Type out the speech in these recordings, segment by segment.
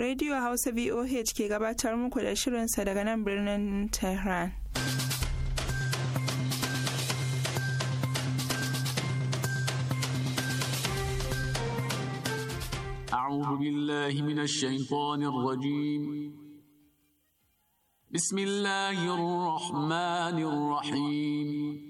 radio hausa boh ke gabatar muku da shirinsa daga nan birnin tehran أعوذ بالله من الشيطان الرجيم بسم الله الرحمن الرحيم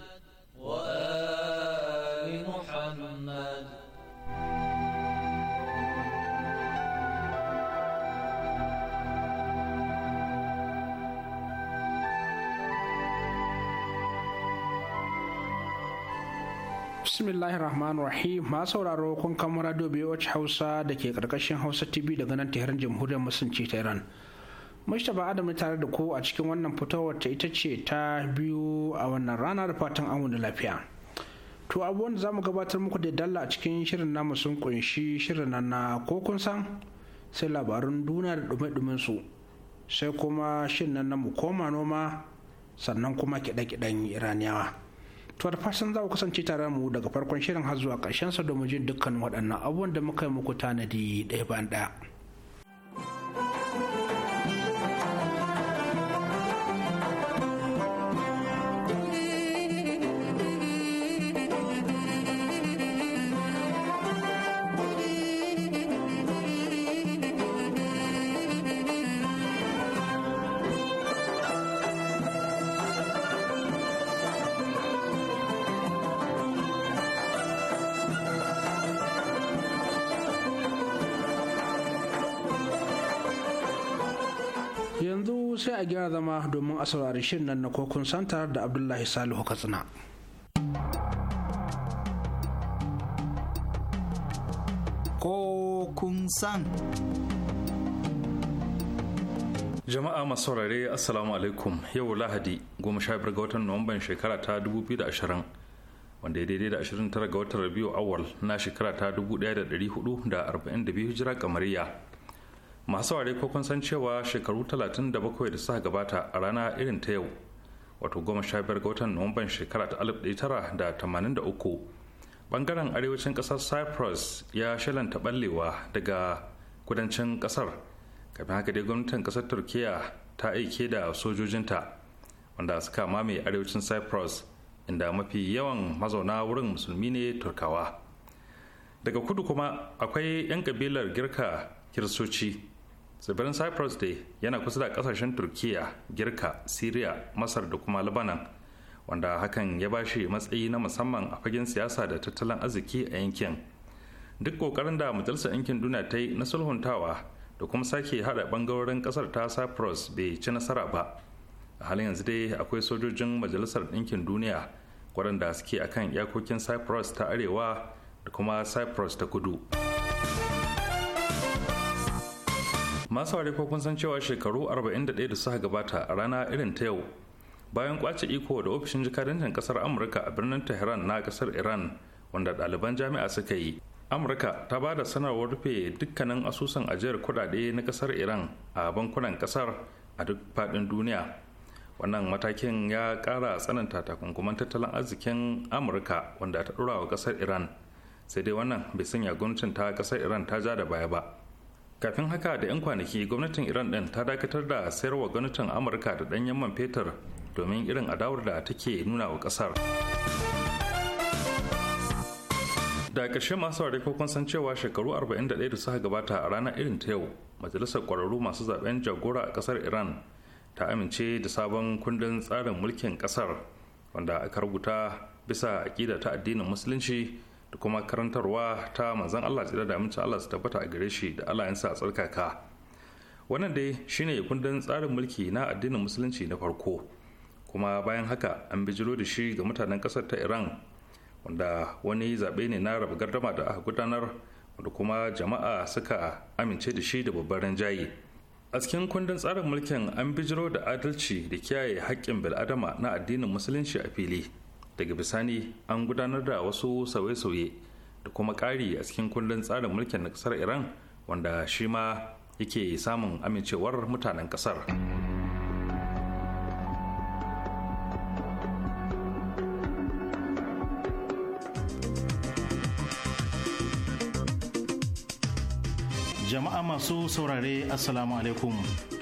Bismillahirrahmanirrahim masu sauraro kun kama radio BOH Hausa da ke karkashin Hausa TV daga nan Tehran Jamhuriyar Musulunci ta Iran. Mustapha Adam tare da ku a cikin wannan fitowar ta ita ce ta biyu a wannan rana da fatan an da lafiya. To abubuwan da mu gabatar muku da dalla a cikin shirin namu sun kunshi shirin nan na ko kun san sai labarun duna da dume-dumen su sai kuma shirin nan na mu koma noma sannan kuma kiɗe-kiɗen Iraniyawa. To da fatan za ku kasance tare mu daga farkon shirin har zuwa ƙarshen sa domin jin dukkan waɗannan abubuwan da muka yi muku tanadi ɗaya bayan ɗaya. sai a gyara zama domin a saurari shirin nan na kokun santa da abdullahi salihu katsina kokun san jama'a masu saurare assalamu alaikum yau lahadi goma sha ga watan nuwamban shekara ta 2020 wanda ya daidai da 29 ga watan rabiu awal na shekara ta 1442 hijira kamariya masu ware ko kun san cewa shekaru 37 da suka gabata a rana irin ta yau wato 15 ga watan nuwamban shekara ta 1983 bangaren arewacin kasar cyprus ya shalanta ballewa daga kudancin kasar kafin haka dai gwamnatin kasar turkiya ta aike da sojojinta wanda suka mamaye arewacin cyprus inda mafi yawan mazauna wurin musulmi ne turkawa daga kudu kuma akwai 'yan kabilar girka kiristoci tsibirin cyprus dai yana kusa da kasashen turkiya girka syria masar da kuma lebanon wanda hakan ya ba shi matsayi na musamman a fagen siyasa da tattalin arziki a yankin duk kokarin da majalisar yankin duniya ta yi na sulhuntawa da kuma sake hada bangarorin kasar ta cyprus bai ci nasara ba a halin yanzu dai akwai sojojin majalisar ɗinkin duniya waɗanda suke akan iyakokin cyprus ta arewa da kuma cyprus ta kudu. masu ware ko kun san cewa shekaru 41 da suka gabata a rana irin ta yau bayan kwace iko da ofishin jikadancin kasar amurka a birnin tehran na kasar iran wanda ɗaliban jami'a suka yi amurka ta ba da sanarwar rufe dukkanin asusun ajiyar kudade na kasar iran a bankunan kasar a duk faɗin duniya wannan matakin ya kara tsananta takunkuman tattalin arzikin amurka wanda ta ɗora wa kasar iran sai dai wannan bai sanya gwamnatin ta kasar iran ta ja da baya ba kafin haka da 'yan kwanaki gwamnatin iran din ta dakatar da sayarwa gwamnatin amurka da ɗanyen man fetur domin irin adawar da take nuna wa ƙasar da ƙarshe masu ware kun san cewa shekaru 41 da suka gabata a ranar irin ta yau majalisar ƙwararru masu zaben jagora a ƙasar iran ta amince da sabon kundin tsarin mulkin ƙasar wanda aka rubuta bisa aƙida ta addinin musulunci da kuma karantarwa ta manzon Allah tsira da amince Allah su tabbata a gare shi da Allah yansa a tsarkaka wannan dai shine kundin tsarin mulki na addinin musulunci na farko kuma bayan haka an bijiro da shi ga mutanen kasar ta Iran wanda wani zaɓe ne na raba gardama da aka gudanar wanda kuma jama'a suka amince da shi da babban rinjaye a cikin kundin tsarin mulkin an bijiro da adalci da kiyaye haƙƙin bil'adama na addinin musulunci a fili daga bisani an gudanar da wasu sauye-sauye da kuma ƙari a cikin kundin tsarin mulkin na ƙasar iran wanda shi ma yake samun amincewar mutanen ƙasar jama'a masu saurare assalamu alaikum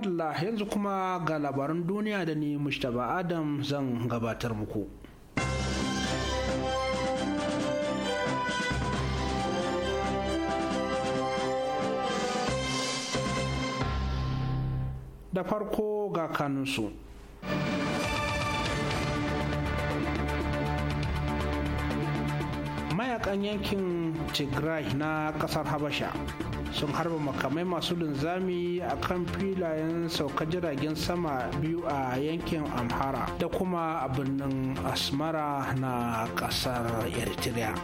madalla yanzu kuma ga labaran duniya da ni mustapha adam zan gabatar muku da farko ga kanunsu mayakan yankin tigray na kasar habasha sun harba makamai masu linzami a kan filayen sauka jiragen sama biyu a yankin amhara da kuma a birnin asmara na kasar eritrea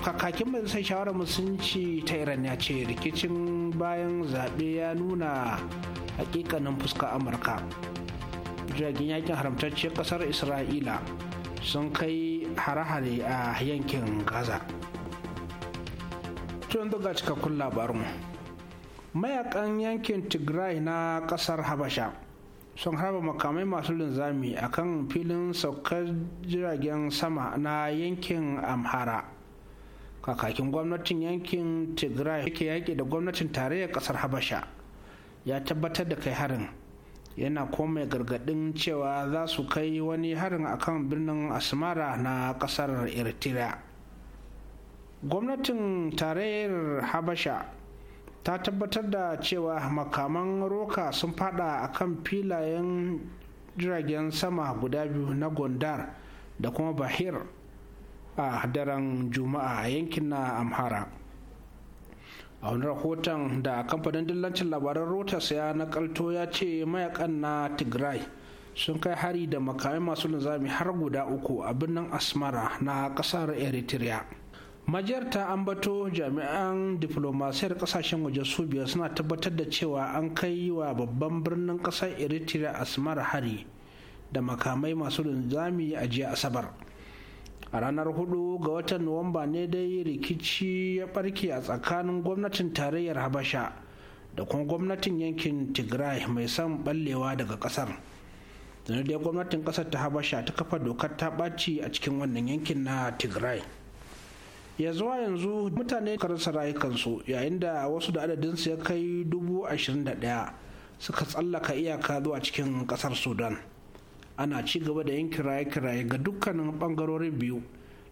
kakakin majalisar shawarar musulunci ta iran ya ce rikicin bayan zaɓe ya nuna hakikanin fuska amurka jiragen yakin haramtacce kasar isra'ila sun kai hare-hare a yankin gaza to yanzu ga cikakkun labarin mayakan yankin tigray na kasar habasha sun harba makamai masu linzami a kan filin saukar jiragen sama na yankin amhara kakakin gwamnatin yankin tigray yake yaƙi da gwamnatin tarayyar kasar habasha ya tabbatar da kai harin yana komai gargadin cewa za su kai wani harin akan birnin asmara na kasar eritrea gwamnatin tarayyar habasha ta tabbatar da cewa makaman roka sun fada a kan filayen jiragen sama guda biyu na gondar da kuma bahir a daren juma'a a yankin na amhara a wani rahoton da kamfanin dillancin labaran reuters ya nakalto ya ce mayakan na tigray sun kai hari da makamai masu linzami har guda uku a birnin asmara na kasar eritrea majiyar ta ambato jami'an diflomasiyar kasashen waje su biyar suna tabbatar da cewa an kai wa babban birnin kasar eritrea asmar hari da makamai masu linzami a jiya asabar a ranar hudu, ga watan nuwamba ne dai rikici ya barke a tsakanin gwamnatin tarayyar habasha da kuma gwamnatin yankin tigray mai son ballewa daga kasar da dai gwamnatin kasar ta habasha ta kafa dokar ta ɓaci a cikin wannan yankin na tigray ya zuwa yanzu mutane karasa rayukansu yayin da wasu da adadinsu ya kai dubu ashirin da ɗaya suka tsallaka iyaka zuwa cikin ƙasar sudan ana ci gaba da yin kiraye-kiraye ga dukkanin ɓangarorin biyu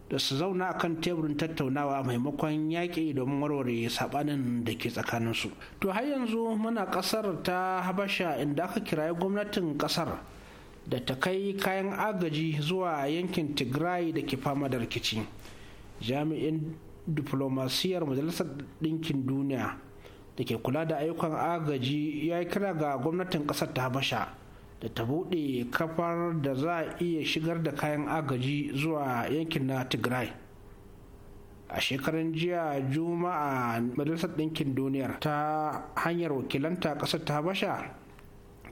da su zauna a kan teburin tattaunawa maimakon yaƙi domin warware saɓanin da ke tsakaninsu to har yanzu muna ƙasar ta habasha inda aka kiraye gwamnatin ƙasar da ta kai kayan agaji zuwa yankin tigray da ke fama da rikici jami'in diflomasiyar majalisar ɗinkin duniya da ke kula da ayyukan agaji ya yi kira ga gwamnatin ƙasar ta habasha da ta buɗe kafar da za a iya shigar da kayan agaji zuwa yankin na tigray a shekarun jiya juma'a majalisar ɗinkin duniyar ta hanyar wakilanta ƙasar ta habasha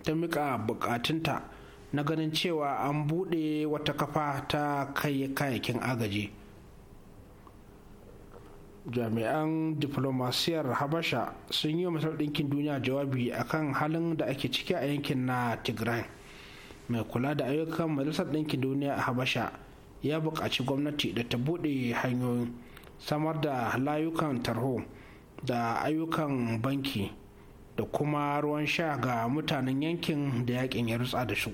ta miƙa bukatunta na ganin cewa an buɗe wata kafa ta kai kayakin agaji jami'an diplomasiyar habasha sun yi wa ɗinkin duniya jawabi akan halin da ake ciki a yankin na tigray mai kula da ayyukan majalisar ɗinkin duniya a habasha ya buƙaci gwamnati da ta buɗe hanyoyin samar da layukan tarho da ayyukan banki da kuma ruwan sha ga mutanen yankin da yakin ya rutsa da su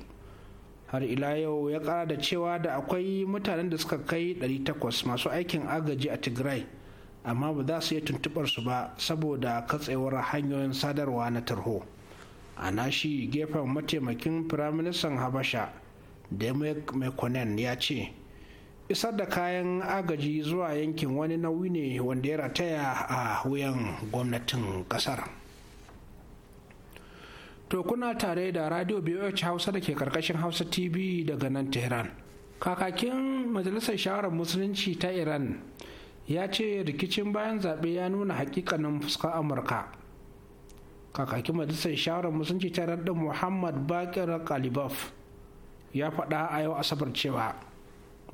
har ila yau ya kara da cewa da akwai mutanen da suka kai 800 masu aikin agaji a tigray amma ba za su yi tuntubar su ba saboda katsewar hanyoyin sadarwa na tarho a nashi gefen mataimakin firaministan habasha da mai konen ya ce isar da kayan agaji zuwa yankin wani nauyi ne wanda ya rataya a wuyan gwamnatin kasar to kuna tare da radio BOH hausa da ke karkashin hausa tv daga nan tehran kakakin majalisar shawarar musulunci ta iran ya ce rikicin bayan zaɓe ya nuna hakikanin fuskar amurka kakakin majalisar shawarar musulunci ta ɗin muhammad bakir kalibaf ya faɗa a yau asabar cewa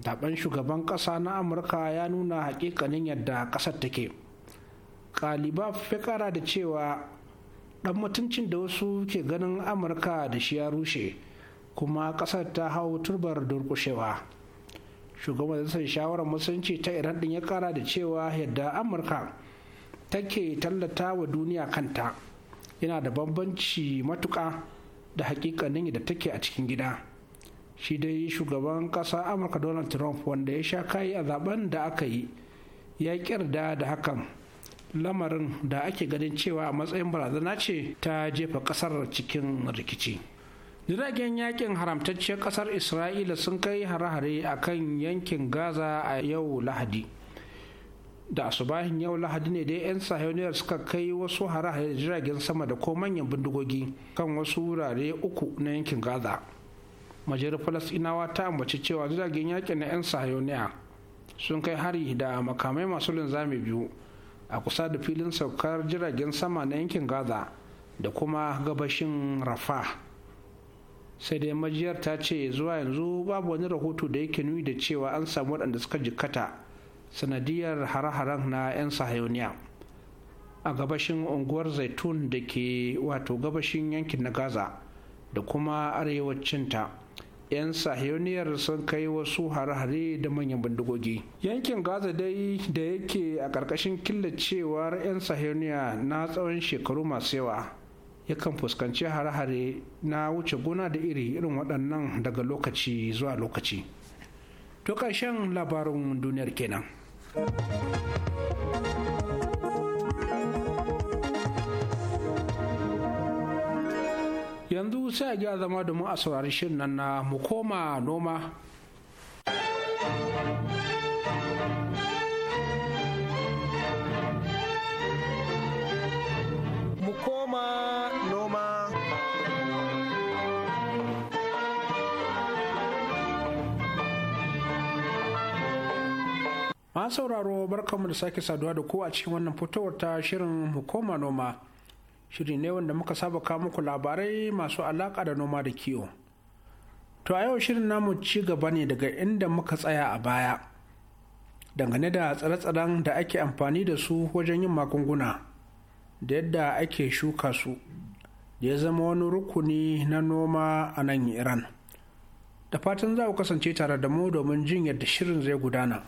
zaɓen shugaban ƙasa na amurka ya nuna hakikanin yadda ƙasar take kalibaf ya ƙara da cewa ɗan mutuncin da wasu ke ganin amurka da shi ya rushe kuma ƙasar ta hau turbar durƙushewa. shugaban majalisar shawarar musulunci ta iran din ya kara da cewa yadda amurka take tallata wa duniya kanta yana da bambanci matuka da hakikanin da take a cikin gida shi dai shugaban kasa amurka donald trump wanda ya sha kayi a zaben da aka yi ya kirda da hakan lamarin da ake ganin cewa a matsayin barazana ce ta jefa kasar cikin rikici. jiragen yakin haramtacciyar kasar isra'ila sun kai hare-hare a kan yankin gaza a yau lahadi da asubahin yau lahadi ne dai 'yan sahiyoniyar suka kai wasu hare-hare jiragen sama da ko manyan bindigogi kan wasu wurare uku na yankin gaza majalisar falasinawa ta ambaci cewa jiragen yakin na 'yan sahiyoniya sun kai hari da makamai masu linzami biyu a kusa da filin saukar jiragen sama na yankin gaza da kuma gabashin rafah sai dai majiyar ta ce zuwa yanzu babu wani rahoto da yake nuni da cewa an samu waɗanda suka jikkata sanadiyar hare-haren na 'yan sahayoniya a gabashin unguwar zaitun da ke wato gabashin yankin na gaza da kuma arewacin ta 'yan sahayoniyar sun kai wasu hare-hare da manyan bindigogi yankin gaza dai da yake a ƙarƙashin killacewar 'yan sahayoniya na tsawon shekaru masu yawa yakan fuskanci hare-hare na wuce gona da iri irin waɗannan daga lokaci zuwa lokaci to ƙarshen labarin duniyar kenan yanzu sai a gya zama domin a saurari shirin nan na mu koma noma mu ma sauraro barkamu da sake saduwa da ku a cikin wannan fitowar ta shirin hukuma noma shiri ne wanda muka saba kawo muku labarai masu alaka da noma da kiwo to a yau shirin namu ci gaba ne daga inda muka tsaya a baya dangane da tsare-tsaren da ake amfani da su wajen yin magunguna da yadda ake shuka su da ya zama wani rukuni na noma a nan iran da fatan za ku kasance tare da mu domin jin yadda shirin zai gudana.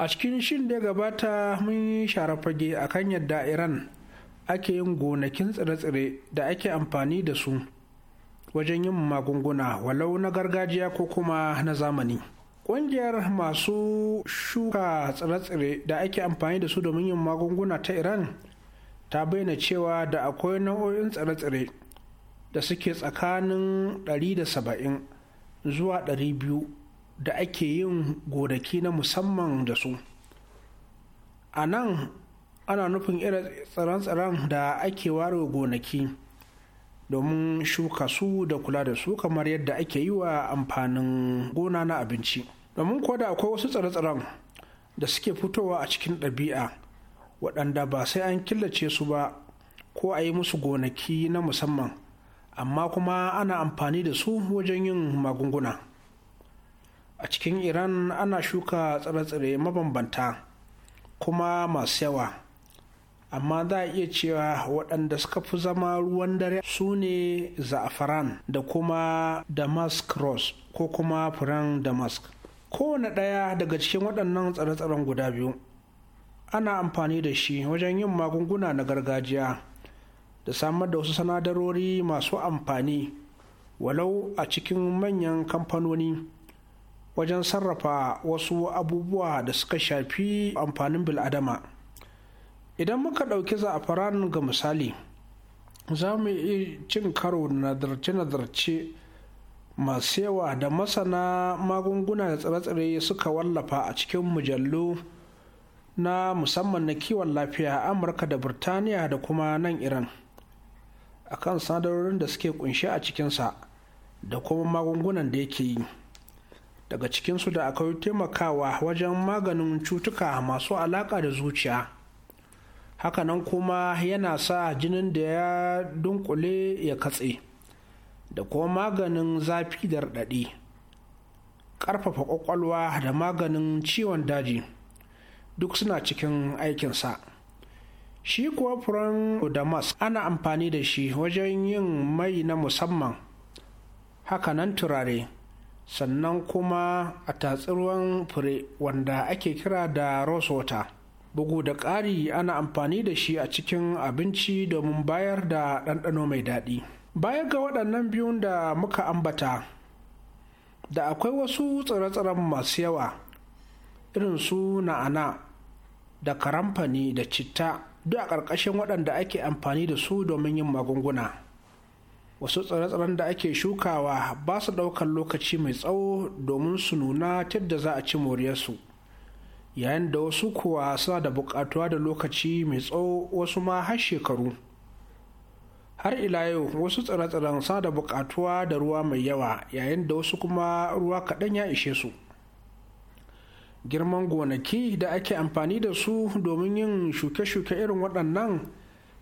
a cikin shin da gabata mun yi sharafage a kan yadda iran ake yin gonakin tsire-tsire da ake amfani da su wajen yin magunguna walau na gargajiya ko kuma na zamani ƙungiyar masu shuka tsire-tsire da ake amfani da su domin yin magunguna ta iran ta bayyana cewa da akwai nau'o'in tsire-tsire da suke tsakanin 170 zuwa 200 da ake yin gonaki na musamman da su a nan ana nufin irin tsaron tsaron da ake ware gonaki domin shuka su da kula da su kamar yadda ake yi wa amfanin gona na abinci domin kuwa da akwai wasu tsare-tsaren da suke fitowa a cikin ɗabi'a waɗanda ba sai an killace su ba ko a yi musu gonaki na musamman amma kuma ana amfani da su wajen yin magunguna. cikin iran ana shuka tsire-tsire mabambanta kuma masu yawa amma za a iya cewa waɗanda suka fi zama ruwan dare su ne za'afaran da kuma damask ross ko kuma furen damask kowane ɗaya daga cikin waɗannan tsare-tsaren guda biyu ana amfani da shi wajen yin magunguna na gargajiya da samar da wasu sanadarori masu amfani walau a cikin manyan kamfanoni wajen sarrafa wasu abubuwa da suka shafi amfanin bil'adama idan muka ɗauki za'afaran ga misali za mu yi cin karo nazarce-nazarce masu yawa da masana magunguna da tsire-tsire suka wallafa a cikin mujallu na musamman na kiwon lafiya amurka da birtaniya da kuma nan iran akan sadarorin da suke kunshi a cikinsa da kuma magungunan da yake yi daga cikinsu da akwai taimakawa wajen maganin cutuka masu alaƙa da zuciya hakanan kuma yana sa jinin da ya dunkule ya katse da kuma maganin zafi da raɗaɗi ƙarfafa ƙwaƙwalwa da maganin ciwon daji duk suna cikin aikinsa shi kuwa furen damas ana amfani da shi wajen yin mai na musamman hakanan turare sannan kuma a tatsi fure wanda ake kira da rosota bugu da ƙari ana amfani da shi a cikin abinci domin bayar da ɗanɗano mai daɗi baya ga waɗannan biyun da muka ambata da akwai wasu tsire-tsiren masu yawa irin su na'ana da karamfani da citta duk a ƙarƙashin waɗanda ake amfani da su domin yin magunguna wasu tsare-tsaren da ake shukawa ba su ɗaukar lokaci mai tsawo domin su nuna yadda za a ci moriyarsu yayin da wasu kuwa suna da buƙatuwa da lokaci mai tsawo wasu ma har shekaru har ila yau wasu tsare-tsaren suna da buƙatuwa da ruwa mai yawa yayin da wasu kuma ruwa kaɗan ya ishe su girman gonaki da ake amfani da su domin yin shuke-shuke irin waɗannan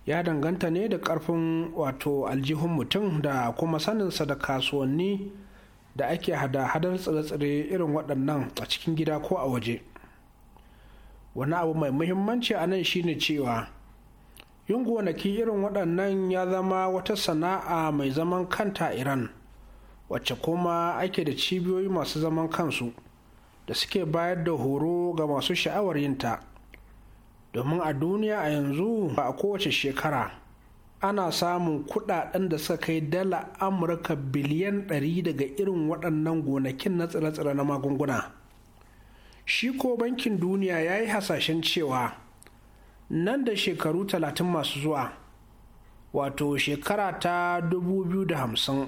ya danganta ne da karfin wato aljihun mutum da kuma saninsa da kasuwanni da ake hada-hadar tsire-tsire irin waɗannan a cikin gida ko a waje wani abu mai muhimmanci a nan shine cewa yin gonaki irin waɗannan ya zama wata sana'a mai zaman kanta iran wacce kuma ake da cibiyoyi masu zaman kansu da suke bayar da horo ga masu sha'awar yinta domin a duniya a yanzu ba a kowace shekara ana samun kudaden da suka kai dala amurka biliyan 100 daga irin waɗannan gonakin na tsire-tsire na magunguna shi ko bankin duniya ya yi hasashen cewa nan da shekaru 30 masu zuwa wato shekara ta 2050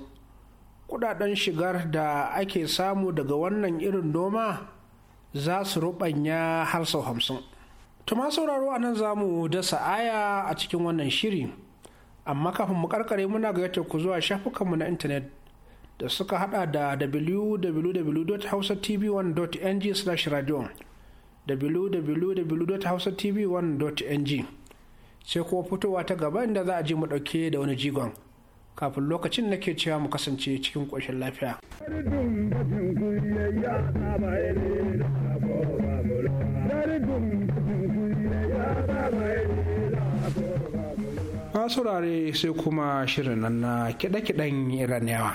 kudaden shigar da ake samu daga wannan irin noma za su rubanya har sau hamsin. Tuma sauraro a nan za mu dasa aya a cikin wannan shiri, amma kafin mu karkare muna gayyatar ku zuwa shafukanmu na intanet da suka hada da www.hausatv1.ng/radio www.hausatv1.ng sai kuma fitowa ta gaba inda za a je mu dauke da wani jigon. kafin lokacin nake cewa mu kasance cikin ƙoshin lafiya. Dari a saurare sai kuma shirin nan na kiɗe-kiɗen iraniyawa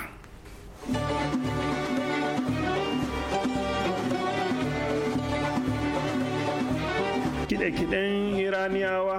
kiɗe-kiɗen iraniyawa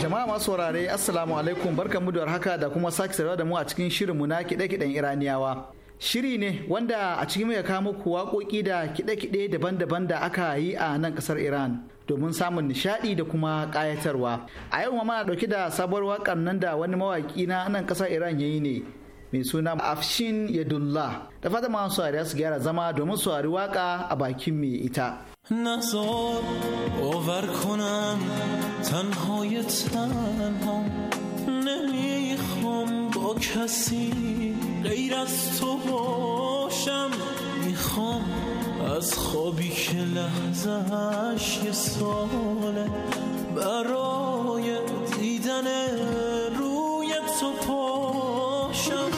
jama'a masu wurare assalamu alaikum barkan mu da haka da kuma sake saurara da mu a cikin shirinmu na kiɗe-kiɗen iraniyawa shiri ne wanda a cikin ya kawo muku waƙoƙi da kiɗe-kiɗe daban-daban da aka yi a nan ƙasar Iran domin samun nishaɗi da kuma ƙayatarwa. A yau ma ɗauki da sabuwar waƙar nan da wani mawaƙi na nan ƙasar Iran ya yi ne mai suna Afshin Yadullah. Da fata masu saurari su gyara zama domin saurari waƙa a bakin mai ita. میخوام با کسی غیر از تو باشم میخوام از خوابی که لحظهش یه ساله برای دیدن روی تو پاشم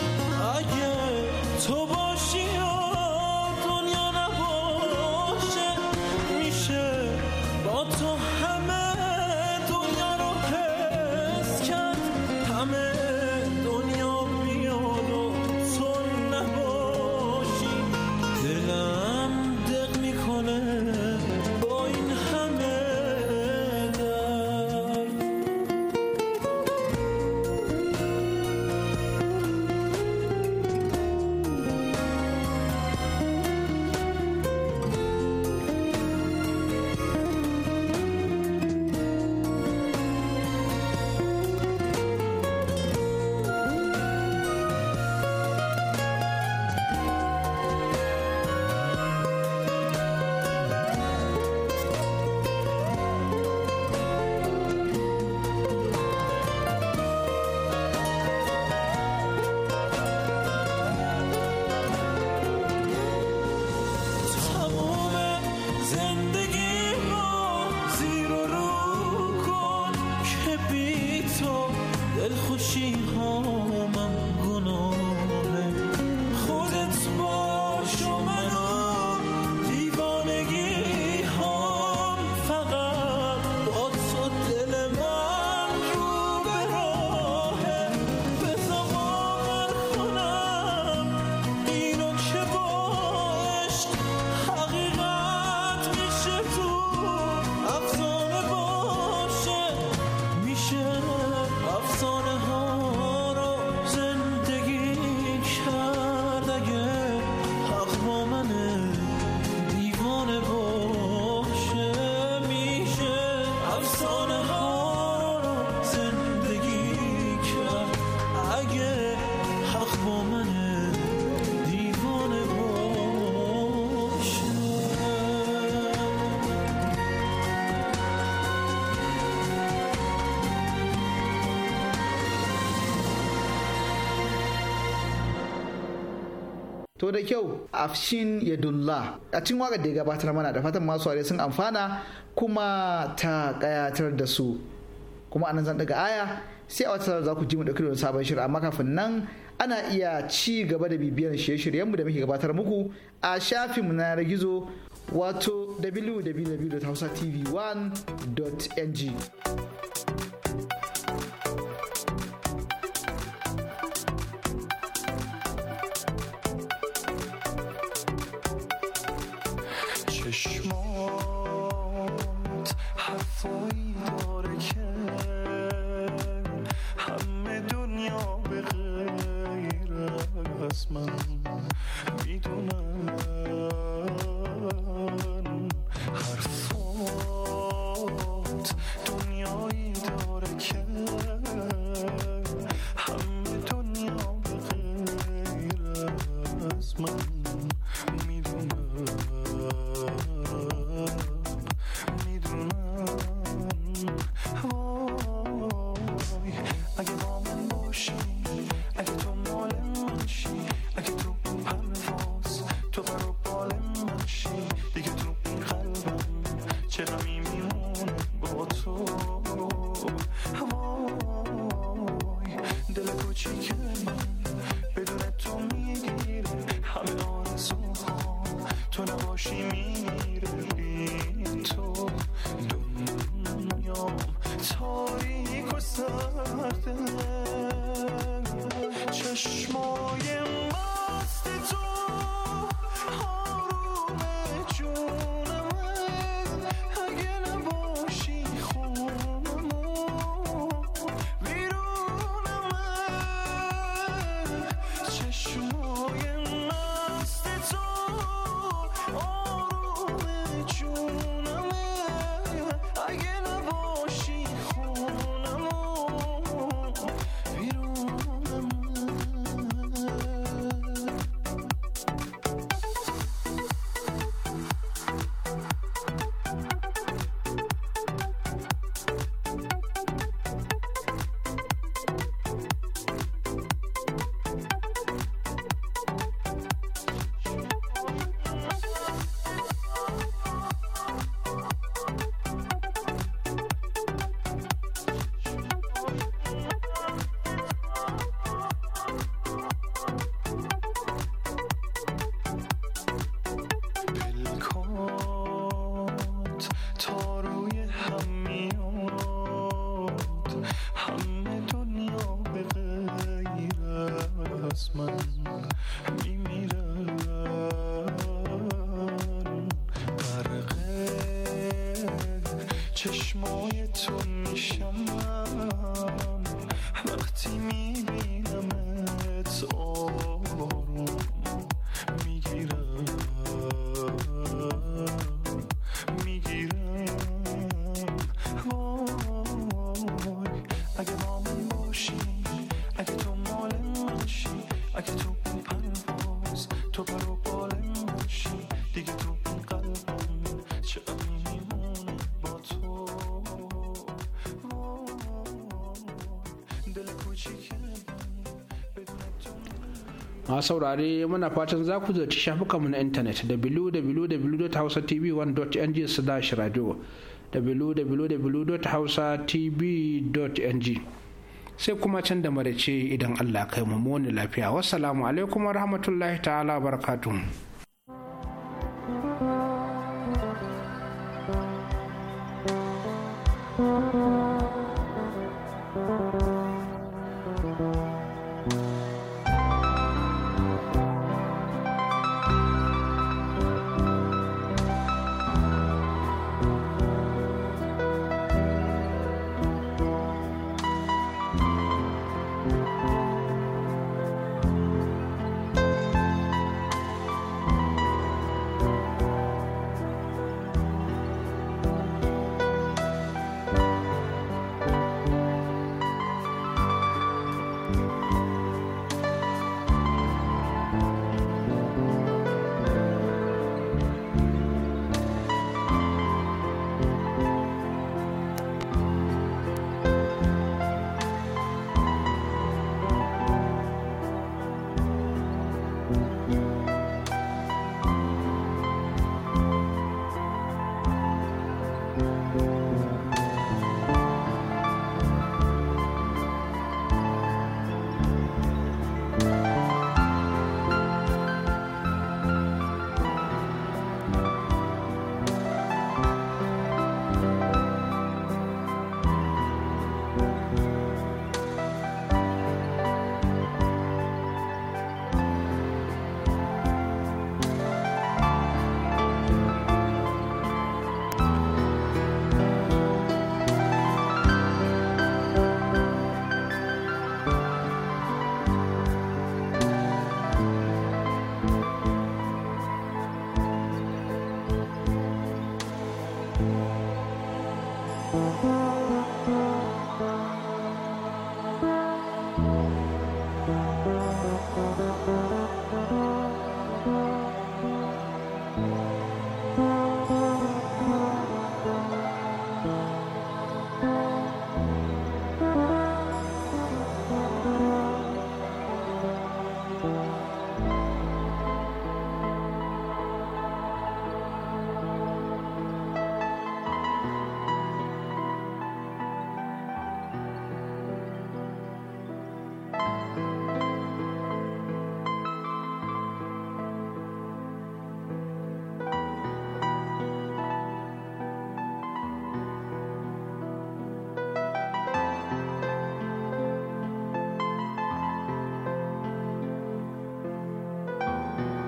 to da kyau afshin yadullah a cikin wakar da ya gabatar mana da fatan masu ware sun amfana kuma ta kayatar da su kuma anan zan daga aya sai a wata za ku ji mu dauki da sabon shirin amma kafin nan ana iya ci gaba da bibiyar shirye-shiryenmu da muke gabatar muku a shafin na yanar gizo wato www.hausatv1.ng I give all چشمای تو میشم masu saurare muna fatan za ku ziyarci mu na intanet www.hausatv1.ng/radio www.hausatv.ng sai kuma can da marace idan Allah kai mu lafiya wasu alaikum wa rahmatullahi ta'ala barakatun. Mm-hmm.